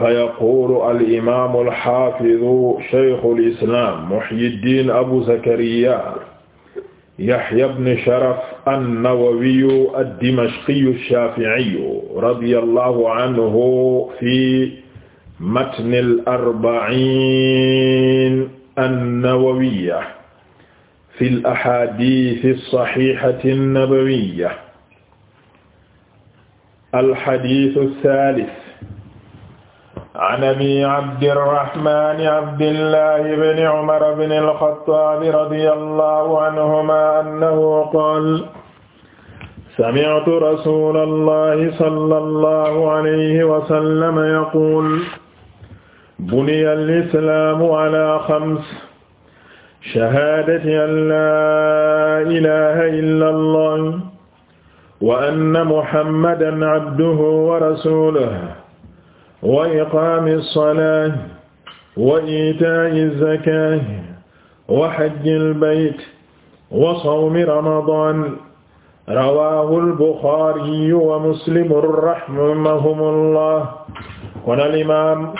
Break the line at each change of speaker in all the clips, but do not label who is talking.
fayaqulu al'imaamu alxaafidu shaykhul islaam muhyiddin abu zakariya yahya ibn sharaf annawawiyu addimashqiyu shaafi'iyu radiyallahu anhu fi matnil arba'iin annawawiyya fil ahaadiisi saxiixati nabawiyya alxadiisu saalis an abi abdirrahmani abdillahi bni umar bni alxattaabi radiyallahu anhuma annahu qaala sami'tu rasuulallahi sallallahu alayhi wa sallam yaquulu buniya al-islaamu alaa xams shahaadati an laa ilaaha illallaah wa anna muhammadan abduhu wa rasuuluhu wa iqaami alsalati wa itaai alzakati wa hajji albayt wa sawmi ramadan rawahu albuxaariyu wa muslimu rahimahumullah kon alimam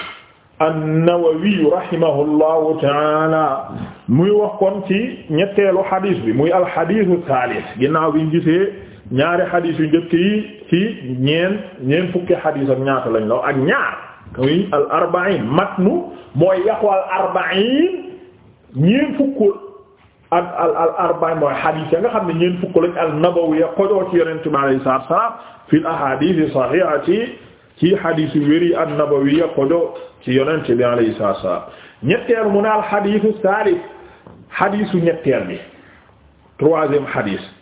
annawawiyu rahimahullahu taala muy wax kon ci ñetteelu xadis bi muy alxadisu thalith ginnaaw bi gisee ñaari xadiis yu njëkk yi ci ñeen ñeen fukki xadiis ak ñaata lañ law ak ñaar muy al arba'in matnu mooy yàqu al arba'in ñeen fukk ak al al mooy xadiis ya nga xam ne ñeen fukk lañ al nabawi xojoo ci yonent bi alayhi salaatu wa salaam fil ahadiis saxiixati ci xadiis yu wér yi an nabawi xojoo ci yonent bi alayhi salaatu wa salaam ñetteel mu ne al xadiisu saalif xadiisu ñetteel bi troisième xadiis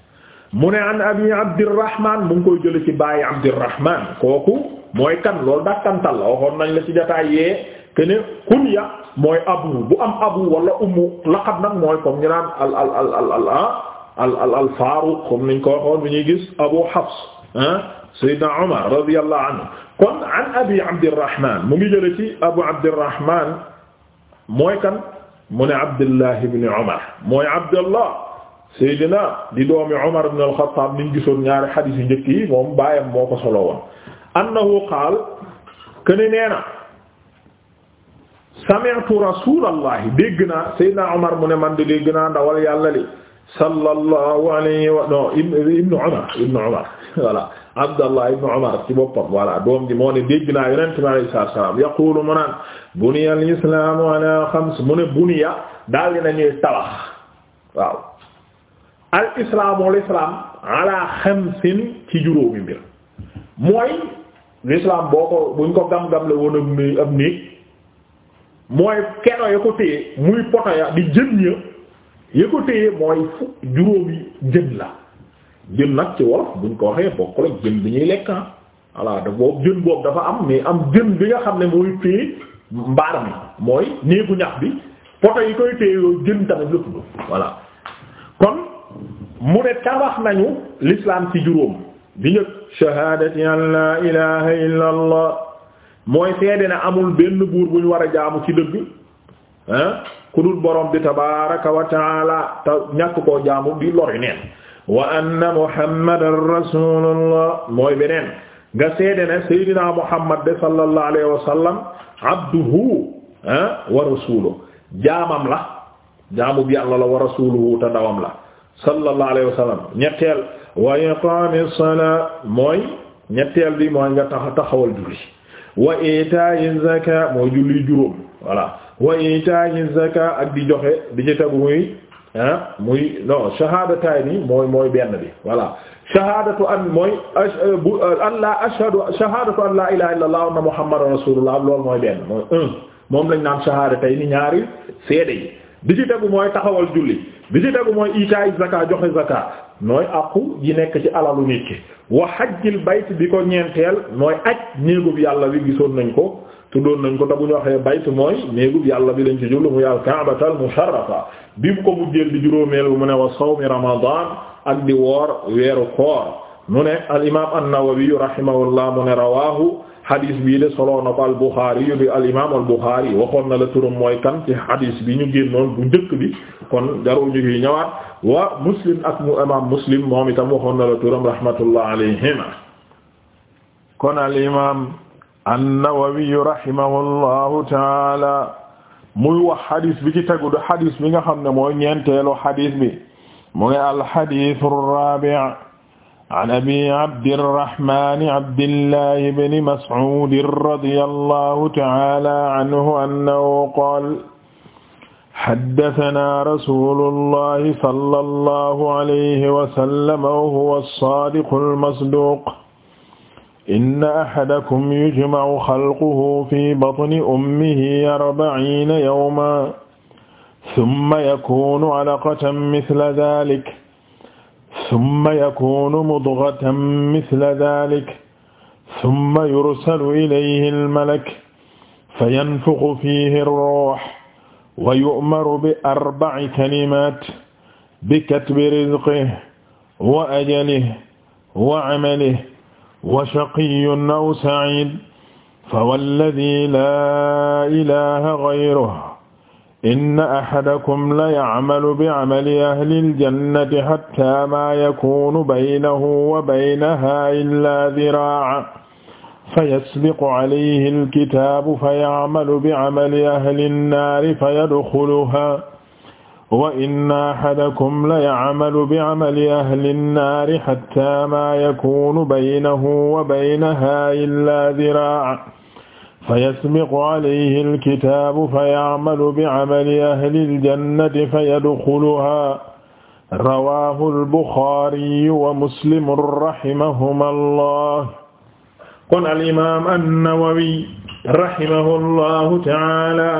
mu ne an abi abdirahman mu ngi koy jële ci bàyyi abdirahman kooku mooy kan loolu dakkantal la waxoon nañ la ci jotaay yee ke ne kunya mooy abu bu am abu wala ummu laqab nag mooy comme ñu naan al al al al al ah al al al faruq comme niñ ko waxoon bi ñuy gis abu hafs ah saydna omar radiallahu anhu kon an abi abdirahman mu ngi jële ci abu abdirahman mooy kan mu ne abdullah ibn omar mooy abdullah Seydina di doomi Umar ibn al-Khattab niñ gisoon ñaari xadiis yu njëkk yi moom baayam moo ko solo woon annahu qaal kene nee na sami'tu rasulallahi dégg naa Seydina Umar mu ne man de dégg naa ndawal yàlla li sallallahu alayhi wa no ibnu Umar ibnu Umar voilà Abdallah ibnu Umar ci boppam voilà doom ji moo ne dégg naa yonente bi alayhi salaatu wa salaam yaqulu mu naan buniya al-islaamu ala xams mu ne buniya daal dinañuy tabax waaw al islaamu al islaam ala xamsin ci juróomi mbir mooy l'islam boo ko buñ ko gam-gam la woon ab néeg mooy keno ya ko téye muy poto ya di jën ya ya ko téye mooy fu juróomi jën la jën nag ci wolof buñ ko waxee bokk la jën bi ñuy lekk ah. voilà da boobu jën boobu dafa am mais am jën bi nga xam ne mooy téye mbaar mi mooy néegu ñax bi poto yi koy téye yooyu jën tamit la tudd voilà kon mu ne tabax nañu l'islam ci juróom bi njëkk seede na amul benn buur bu ñu war a jaamu ci dëgg ah ku dul borom bi tabaraka wa taala te koo jaamu di lori neen wa anna muhammadan rasulullah mooy beneen nga seede ne saydina muhammad de sallallahu alayhi wa sallam abduhu wa rasuluhu jaamam la jaamu bi yàlla la wa rasuluhu te ndawam la sallallahu alayhi wa sallam ñetteel wa iqaami salaa mooy ñetteel bi mooy nga tax taxawal julli wa itaayi zaka mooy julli juróom voilà wa itaayi zaka ak di joxe di ci tegu muy ah muy non shahadatayni mooy mooy benn bi voilà shahadatu an mooy euh, bu euh, an la ashhadu shahadatu an la ilaha illa allah wa anna muhammadan rasulullah loolu mooy benn mooy un moom lañ naan shahadatayni ñaari seede yi di ci tegu mooy taxawal julli bi ci tegu mooy itaay zaka joxe zaka nooy aqu ji nekk ci alalu nit ki wax hajjil bayt bi ko ñeenteel mooy aj néegub yàlla bi gisoon nañ ko tuddoon nañ ko te bu ñu waxee bayt mooy néegub yàlla bi lañ ci jullu mu yàlla kaabatal musharrafa bi mu ko mujjeel di juróomeel bu mu ne wa sawmi ramadan ak di woor weeru koor mu ne al imam an-Nawawi rahimahullah mu ne rawahu hadis bii de solo na ko al Bukhari al imaam al Bukhari waxoon na la turam mooy kan ci hadis bi ñu génnoon bu njëkk bi kon jarul ñu fi ñëwaat wa muslim ak mu imaam muslim moom itam waxoon na la turam rahmatullah alayhima kon al imaam an-Nawawi rahimahullahu taala muy wax hadis bi ci tegu de bi nga xam ne mooy ñeenteelu hadis bi mu al hadis ar-rabi' an abi abdirrahmani abdillahi bni mas'uudin radiyallahu ta'aala anhu annahu qaala haddasanaa rasuulullahi sallallahu alayhi wa sallam wa huwa as-saadiqul masduuq inna ahadakum yujma'u xalquhu fi batni ummihi arba'iina yawman summa yakuunu alaqatan misla zaalika summa yakunu mudghatan mithla dhalik summa yursalu ilayhi al-malak fayanfukhu fihi ar-ruh wa yu'maru bi arba'i kalimat bi katbi rizqihi wa ajalihi wa 'amalihi wa shaqiyyun aw sa'id fa walladhi la ilaha ghayruhu inna axadakum la yacmalu bicamali ahli aljannati xatta maa yakunu baynahu wa baynaha illaa diraaca fa ysbiqu calayhi alkitaabu fa yacmalu bicamali ahli annaari fa yadxuluha wa inna axadakum la yacmalu bicamali ahli annaari xatta maa yakunu baynahu wa baynaha illaa diraaca fayasbiqu alayhi alkitaabu fayacmalu bicamali ahli aljannati fayadxuluhaa rawaahu albuxaariyu wa muslimu rahimahuma allah kon alimaam annawawi rahimahu allahu taala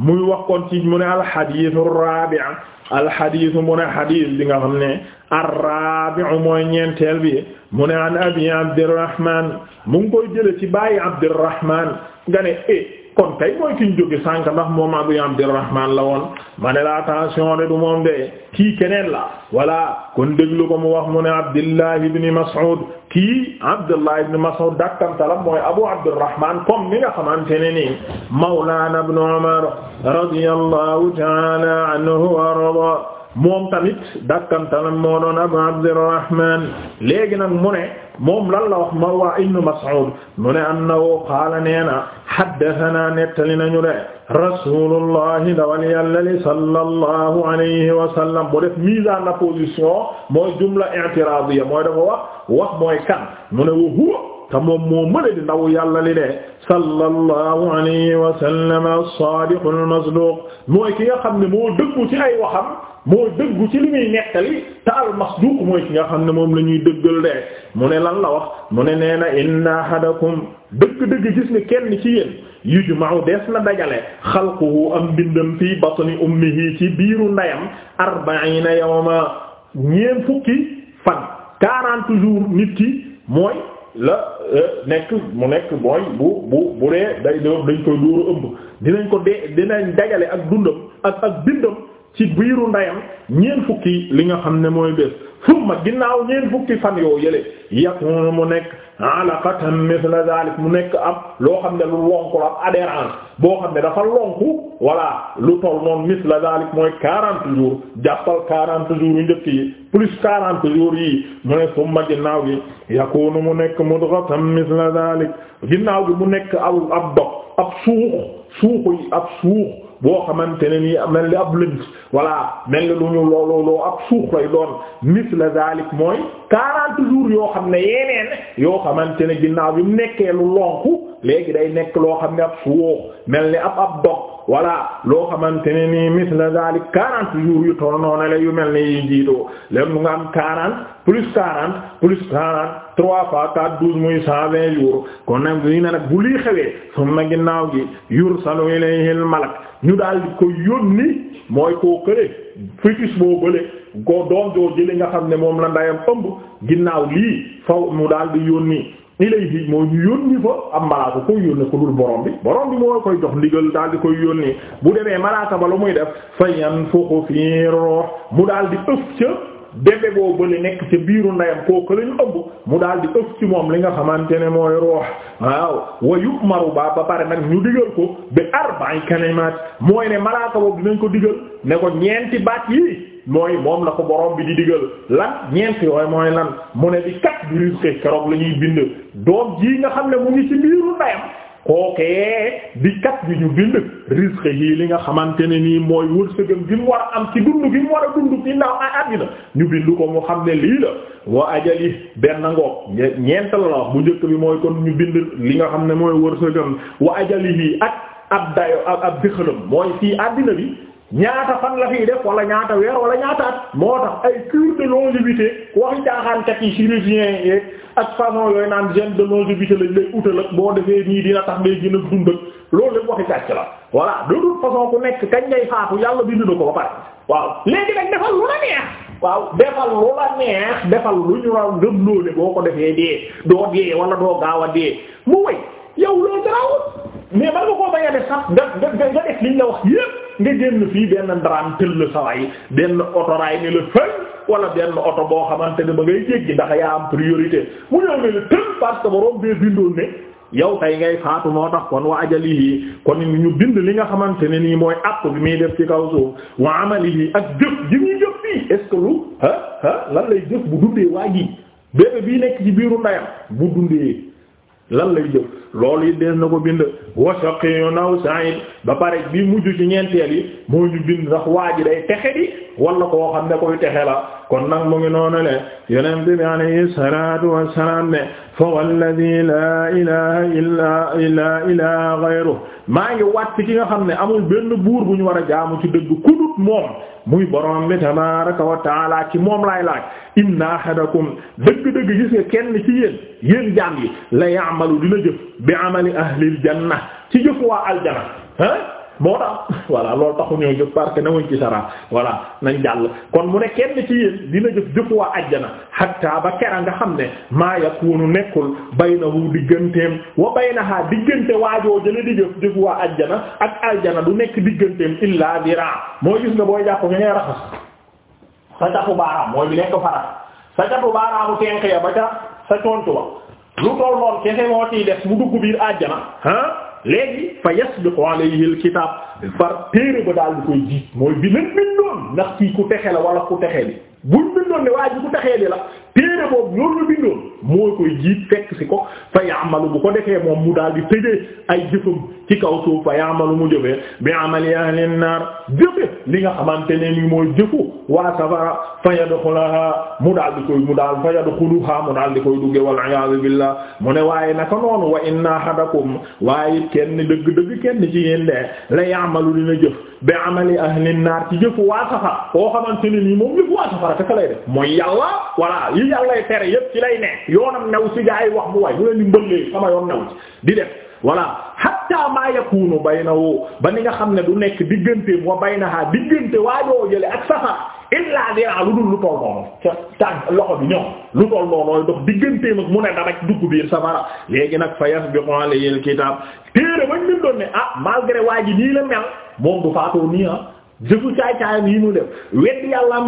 muy wax kon ci mu ne alxadisu raabic alxadisu mu ne xadis bi nga xam ne arraabiu mooy ñeenteel bi mu ne an abi abdirahman mu ngi koy jële ci bàyyi abdirahman nga ne eh kon tey mooy ki ñu jóge sànk ndax moom Abu Abdurrahman la woon ma ne la attention de du moom de kii keneen la voilà kon déglu ko mu wax mu ne Abdullah ibn Mas'ud kii Abdullah ibn Mas'ud dakkantalam mooy Abu Abdurrahman comme ni nga xamante ne nii Mawlana ibn Umar radiyallahu ta'ala anhu wa arda moom tamit dakkantalam moo doon abu abdirrahman léegi nag mu ne moom lan la wax marwa ibn mas'ud mu ne annahu qaala neena haddathana nettali nañu de rasulullahi dawal yàllali sallallahu alayhi wa sallam bu def mise en position mooy jumla i'tiradiya mooy dafa wax wax mooy kan mu ne wa huwa te moom moo mëne di ndaw yàlla li de sallallahu alayhi wa sallam as-sadiq al-masduq mooy ki nga xam ne moo dëggu ci ay waxam moo dëggu ci li muy nettali te al mooy ki nga xam ne moom la ñuy dëggal de mu ne lan la wax mu ne nee na inna ahadakum dëgg-dëgg gis ni kenn ci yéen yujma'u des na dajale xalquhu am bindam fii batni ummihi ci biiru ndeyam arba'ina yawma ñeen fukki fan quarante jour nit ki mooy la euh, nekk mu nekk mooy bu bu bu dee day dañ koy dóoru ëmb dinañ ko dee dinañ dajale ak dundam ak ak bindam ci biiru ndeyam ñeent fukki li nga xam ne mooy bés summa ginnaaw ñeent fukki fan yoo yële yakunu mu nekk alaqatan mithla zalik mu nekk ab loo xam ne lu lonku la ab adhérence boo xam ne dafa lonku voilà lu toll noonu mithla zalik mooy quarante jours jàppal quarante jours yu njëkk yi plus quarante jours yi mu ne summa ginnaaw gi yakunu mu nekk mudghatan mithla zalik ginnaaw gi mu nekk aw ab dog ab suux suuxu yi ab suux boo xamante ne nii mel ni ab lënt voilà mel ni lu ñu looloo loo ab suux lay doon misla zalik mooy quarante jours yoo xam ne yeneen yoo xamante ne ginnaaw bi mu nekkee lu lonku léegi day nekk loo xam ne ab suux mel ni ab ab dog voilà loo xamante ne nii misla zalik quarante jours yu toll noonu la yu mel ne yiy jiitoo lépp mu nga am quarante plus quarante plus quarante trois fois quatre douze muy cent vingt jours kon nag ñu ne nag bu lii xewee summa ginnaaw gi yursalu ilayhi al malak ñu daal di ko yónni mooy koo kële fœtus boo bële ko doom joo jële nga xam ne moom la ndayam ëmb ginnaaw lii faw mu daal di yónni ilayhi moo ñu yónni fa am malaaka koy yónni ko dul borom bi borom bi moo koy jox ndigal daldi di koy yónni bu demee malaata ba lu muy def fa yanfuxu fi ruux mu daal di ëf ca bébé boo bële nekk ca biiru ndeyam kooku lañu ëmb mu daal di ëf ci moom li nga xamante ne mooy ruux waaw wa yu'maru ba ba pare nag ñu digal ko bi arba'i kalimaat mooy ne malaaka boobu dinañ ko digal ne ko ñeenti baat yi mooy moom la ko borom bi di digal lan ñeent yooyu mooy lan mu ne bi kat bi risque keroog la ñuy bind doom jii nga xam ne mu ngi ci biiru ndeyam kookee di kat bi ñu bind risque yii li nga xamante ne nii mooy wërsëgam gi mu war a am ci dund gi mu war a dund ci ndaw ay àddina ñu bind ko mu xam ne lii la wa ajali benn ngoog ñeent la wax bu njëkk bi mooy kon ñu bind li nga xam ne mooy wërsëgam wa ajali yi ak ab dayo ab dëxalam mooy fii àddina bi ñaata fan la fiy def wala ñaata weer wala ñaata moo tax ay cure de longévité waxi caaxaankat yi chirurgien yeeg ak façon yooyu naan gène de longévité lañ lay utal ak boo defee nii dina tax ngay gën a dund loolu lépp waxi gàcc la voilà de toute façon ku nekk kañ ngay faatu yàlla bind na ko ba pare waaw léegi nag defal lu la neex waaw defal lu la neex defal lu ñu raw ngëm loole boo ko defee dee doo dee wala doo gaaw a dee mu way yow loolu garaawul mais man nga koo bañ a def sax nga nga nga def liñ la wax yépp nga génn fii benn ndaraan tëll la benn otoraay ne la fël wala benn oto boo xamante ne ba ngay jéggi ndax yaa am priorité mu ñëw ne la tël parce que borom bee bindoon ne yow tay ngay faatu moo tax kon wa ajalihi kon ñu bind li nga xamante ne nii mooy àpp bi muy def ci kaw suuf wa amalihi ak jëf ji ñuy jëf fii est ce que lu lan lay jëf bu dundee waa ji bébé bii nekk ci biiru ndayam bu dundee. lan lay jëf loolu yi dees na ko bind wa shaqiyun aw sa'id ba pare bi mujj ci ñeenteel yi moo ñu bind ndax waa ji day texe di wala koo xam ne koy texe la kon nag mu ngi noonu le yonent bi alayhi salatu wassalam ne fa walladhi la ilaha illa illa ilaha ghayru maa ngi wàtt ci nga xam ne amul benn buur bu ñu war a jaamu ci dëgg kudu moom muy borom bi tabaaraka wa taala ci moom laay laaj inna ahadakum dëgg-dëgg gis nga kenn ci yéen yéen jaam yi la yaamalu dina jëf bi amali ahlil ci jëf waa aljana ah moo tax voilà loolu taxu ñoo jóg parce que nawuñ ci sara voilà nañ jàll kon mu ne kenn ci yéen dina jëf jëf waa ajjana hatta ba kera nga xam ne maa yakunu nekkul baynahu digganteem wa baynaha diggante waajoo jële di jëf jëf waa ajjana ak aljana du nekk digganteem illa dira moo gis nga booy jàpp nga ngay raxas sa jàpp baaraam mooy bi nekk farat sa jàpp baaraamu tenk ya ba ca sa contu wa lu toll noonu kese moo ciy des mu dugg biir ajjana ah léegi fa yasbiqu alayhi alkitab far téere ba daal di koy jiit mooy bi leen bindoon ndax kii ku texe la wala ku texee li buñ bindoon ne waa ji ku texee li la téere boobu loolu la bindoon moo koy jiit fekk si ko fa yaamalu bu ko defee moom mu daal di tëjee ay jëfam ci kaw suuf fa yaamalu mu jëfee bi amali ahlin naar jëfe li nga xamante ne ni mooy jëfu waa safara fa yadxulaha mu daal di koy mu daal fa yadxuluha mu daal di wal iyaazu billah mu ne waaye naka noonu dëgg-dëgg kenn ci yéen la yaamalu dina jëf bi amali ahlin naar ci jëfu waa safara koo xamante ne nii moom jëfu waa safara te ka lay def mooy yàlla walla yi yàllay tere yépp ci lay ne yoonam new ci gaa yi wax mu waay mu leen di mbëllee sama yoon new ci di def voilà hatta ma yakunu baynahu ba ni nga xam ne du nekk diggante wa baynaha diggante waajoo jële ak safar illa dira lu dul lu toll noonu ca tànk loxo bi ñoom lu toll noonu dox digganteem ak mu ne damay dugg biir safara léegi nag fa yasbiqu alayhi alkitab téere bañ leen doon ne ah malgré waa ji nii la mel moom du faatoo nii ah jëfu yi mu def wedd yàllaam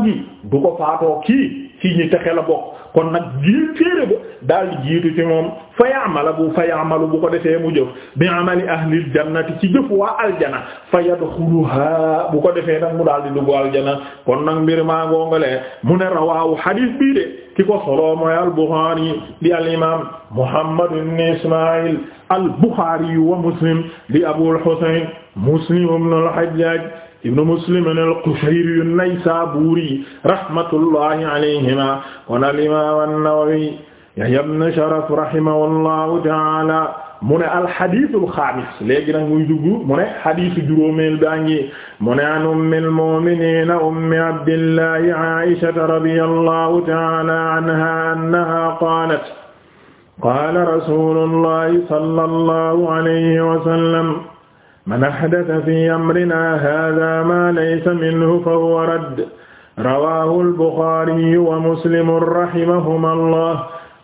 ci ñi texe la bokk kon nag jiir téere ba daal di jiitu ci moom fa yaamala bu fa yaamalu bu ko defee mu jëf bi amali ahlil jannati ci jëf wa aljana fa yadxuluha bu ko defee nag mu daal di duggu aljana kon nag mbir maa ngoongalee mu ne rawaawu xadiis bii de ki ko soloo mooy al Buxaari al imaam Muhammad ibn Ismaayil al wa Muslim di Abul Husayn Muslim ibn al ibnu muslim al-qushayri an-naysaburi rahmatullahi alayhima kon al-imam an-nawawi yahya ibn sharaf rahimahullahu ta'ala mu ne al-hadith al-khamis léegi nag muy dugg mu ne hadith juróomeel baa ngi mu ne an ummi al-mu'minin ummi abdillahi aisha radiyallahu ta'ala anha annaha qalat qala rasulullahi sallallahu alayhi wa sallam man ahdatha fi amrina hadha ma laysa minhu fahuwa radd rawahu al-Bukhari wa Muslim rahimahuma allah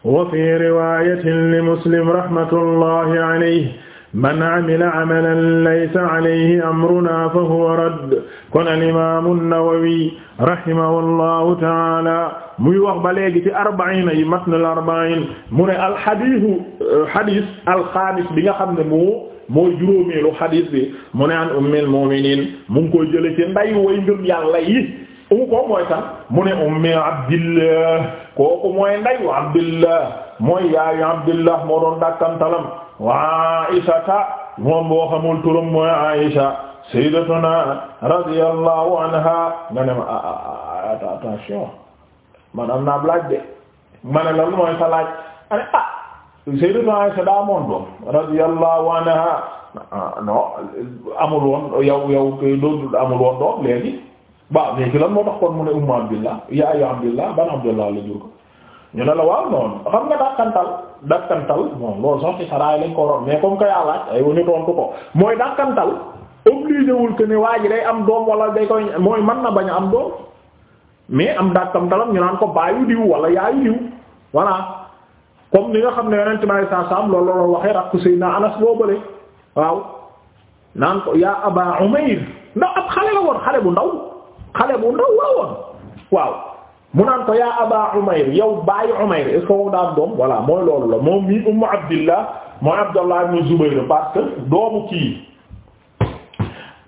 wa fi riwayatin li Muslim rahmatullahi alayhi man amila amalan laysa alayhi amruna fahuwa radd kon alimamu Nawawi rahimahu allahu taala muy wax ba léegi ci arbaina yi matn al arbain mu ne alxadisu xadis euh, alxaamis bi nga xam ne moo mooy juróomeelu xadiis bi mu ne an ummil mu'minin mu ngi mooy sax mu ne ummi abdillah kooku mooy ndayu abdillah mooy yaayu abdillah moo doon dàkkantalam wa aishata moom boo xamul turam mooy aisha sayyidatuna radiyallahu anha nga ne ma ah, ah, ah, attention man am naa laaj de ma lan mooy sa laaj ah Sayyidatu Aisha daa amoon doom radiyallahu anha ah, non amul woon yow yow loolu amul woon doom léegi waaw léegi lan moo tax kon mu ne ummu Abdillah yaayu Abdillah ban Abdillah la jur ko ñu ne la waaw noonu xam nga dàkkantal dàkkantal moom loolu sax ci saraay lañ ko waroon mais comme que yàlla ay wane tontu ko mooy dàkkantal obligé wul que ne waa ji day am doom wala day koy mooy mën na bañ am doom mais am dàkkantalam ñu naan ko baayu diw wala yaayu diw voilà. comme ni nga xam ne yonent bi alayhi salaam loolu loolu waxee rakku Seydina Anas boo bële waaw naan ko yaa Aba Umayr ndax xale la woon xale bu ndaw woon waaw mu naan ko yaa Aba Umayr yow baayu Umayr est-ce que wow doom voilà mooy loolu la moom mii Ummu Abdillah mooy Abdallah ibn Zubayr parce que doomu kii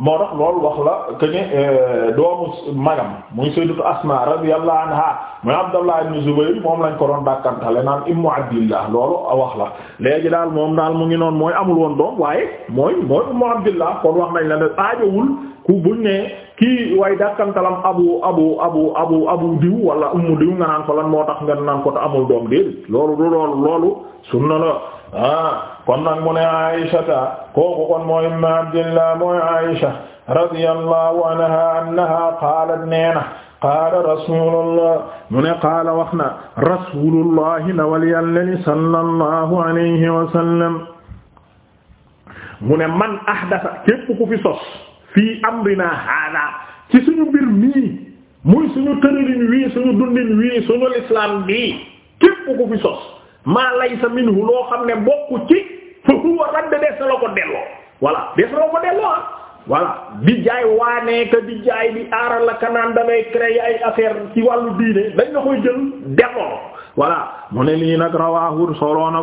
moo tax loolu wax la que ne euh, doomu magam muy sayyidatu Asma radiyallahu anha muy Abdallah ibn Zubayr moom lañ ko doon dàkkantale naan Ummu Abdillah loolu wax la léegi daal moom daal mu ngi noonu mooy amul woon doom waaye mooy mooy Ummu Abdillah kon wax nañ la ne aajowul ku buñ ne kii way dàkkantalam abu abu abu abu abu diw wala ummu diw nga naan ko lan moo tax nga naan ko te amul doom déedéet loolu du loolu loolu sunna la ah kon nag mu ne Aïshata kooku kon mooy Ummu Abdillah mooy Aïsha radiyallahu anha annaha qaalat neena qaala rasulullah mu ne qaala wax na rasulullahi ndawal yàlla li sallallahu alayhi wa sallam mu ne man ahdasa képp ku fi sos fii amrina hada ci suñu mbir mii muy suñu tërëlin wii suñu dundin wii suñu lislaam bii képp ku fi sos maa laysa minhu loo xam ne bokku ci fa huwa radd des la ko delloo des la ko delloo ah. di jaay waanee di jaay di aaral la kanaan damay créer ay affaire ci wàllu diine dañ nga koy jël delloo voilà mu ne lii nag rawaahu soloo na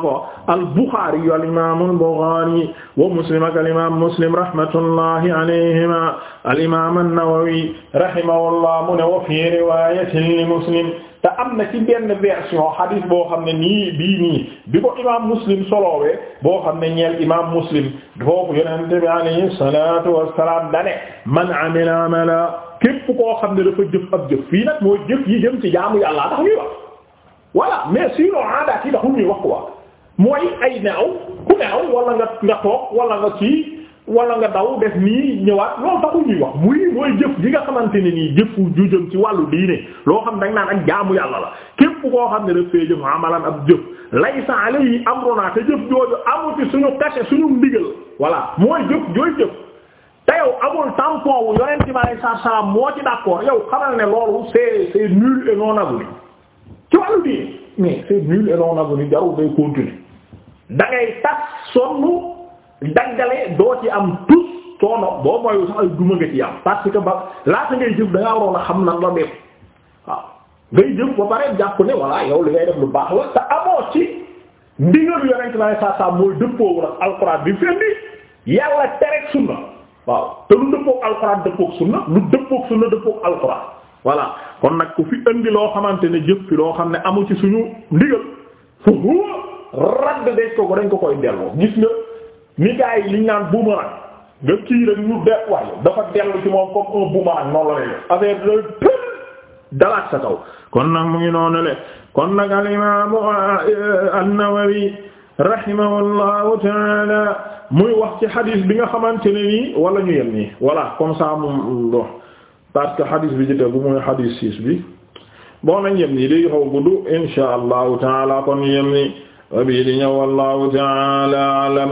al-Bukhari al-imam al-Bukhari wa Muslim al-imam Muslim rahmatullahi alayhima al-imam an-Nawawi rahimahullah mu ne wa fi li Muslim te am na ci benn version hadith boo xam ne nii bii nii bi ko imaam muslim solowee boo xam ne ñeel imaam muslim foofu yonente bi alayhi salatu wassalam dane man amila amala képp koo xam ne dafa jëf ab jëf fii nag mooy jëf yi jëm ci jaamu yàlla tax ñuy wax voilà mais sinon aadaat yi taxul ñuy wax quoi mooy ay naaw ku naaw wala nga nga toog wala nga ci wala nga daw def nii ñëwaat loolu taxul ñuy wax muy mooy jëf yi nga xamante ne nii jëfu ju jëm ci wàllu diine loo xam dañ naan ak jaamu yàlla la képp koo xam ne daf fee jëf amalan ab jëf laysa alayhi amruna te jëf jooju amu ci suñu kese suñu ndigal voilà mooy jëf jooy jëf te yow amul tampon wu yonent bi alayhi salaam moo ci d'accord yow xamal ne loolu c'est c'est nul et non avenu ci wàllu diine mais c'est nul et non avenu jarul day continuer da ngay tas sonn. daggale doo ci am tus coono boo mooy sax ay duma nga ci am parce que ba laata ngay jëf da ngaa waroon a xam na la waaw ngay jëf ba pare jàpp ne voilà yow li ngay def lu baax la te amoo ci ndigal yonent bi sallallahu dëppoo ak bi fendi yàlla tereg sunna waaw te lu dëppook alxuraan dëppook sunna lu dëppook sunna dëppook alxuraan voilà kon nag ku fi indi loo xamante ne jëf fi loo xam ne amu ci suñu ndigal fu huwa radd de ko dañ ko koy delloo gis nga ni gars yi naan boomerang nga kii rek ñu dellu ci moom comme un boomerang noonu la lay def affaire bi kon nag mu ngi noonu le kon nag al imaam euh, an-Nawawi rahimahullahu taala muy wax ci xadis bi nga xamante ne nii wala ñu yem nii voilà comme ça moom bon que xadis bi jëte bu muy xadis siis bi bon nañ yem nii day xaw gudd insha allahu taala kon yem nii wa bii di ñëw wallahu taala alam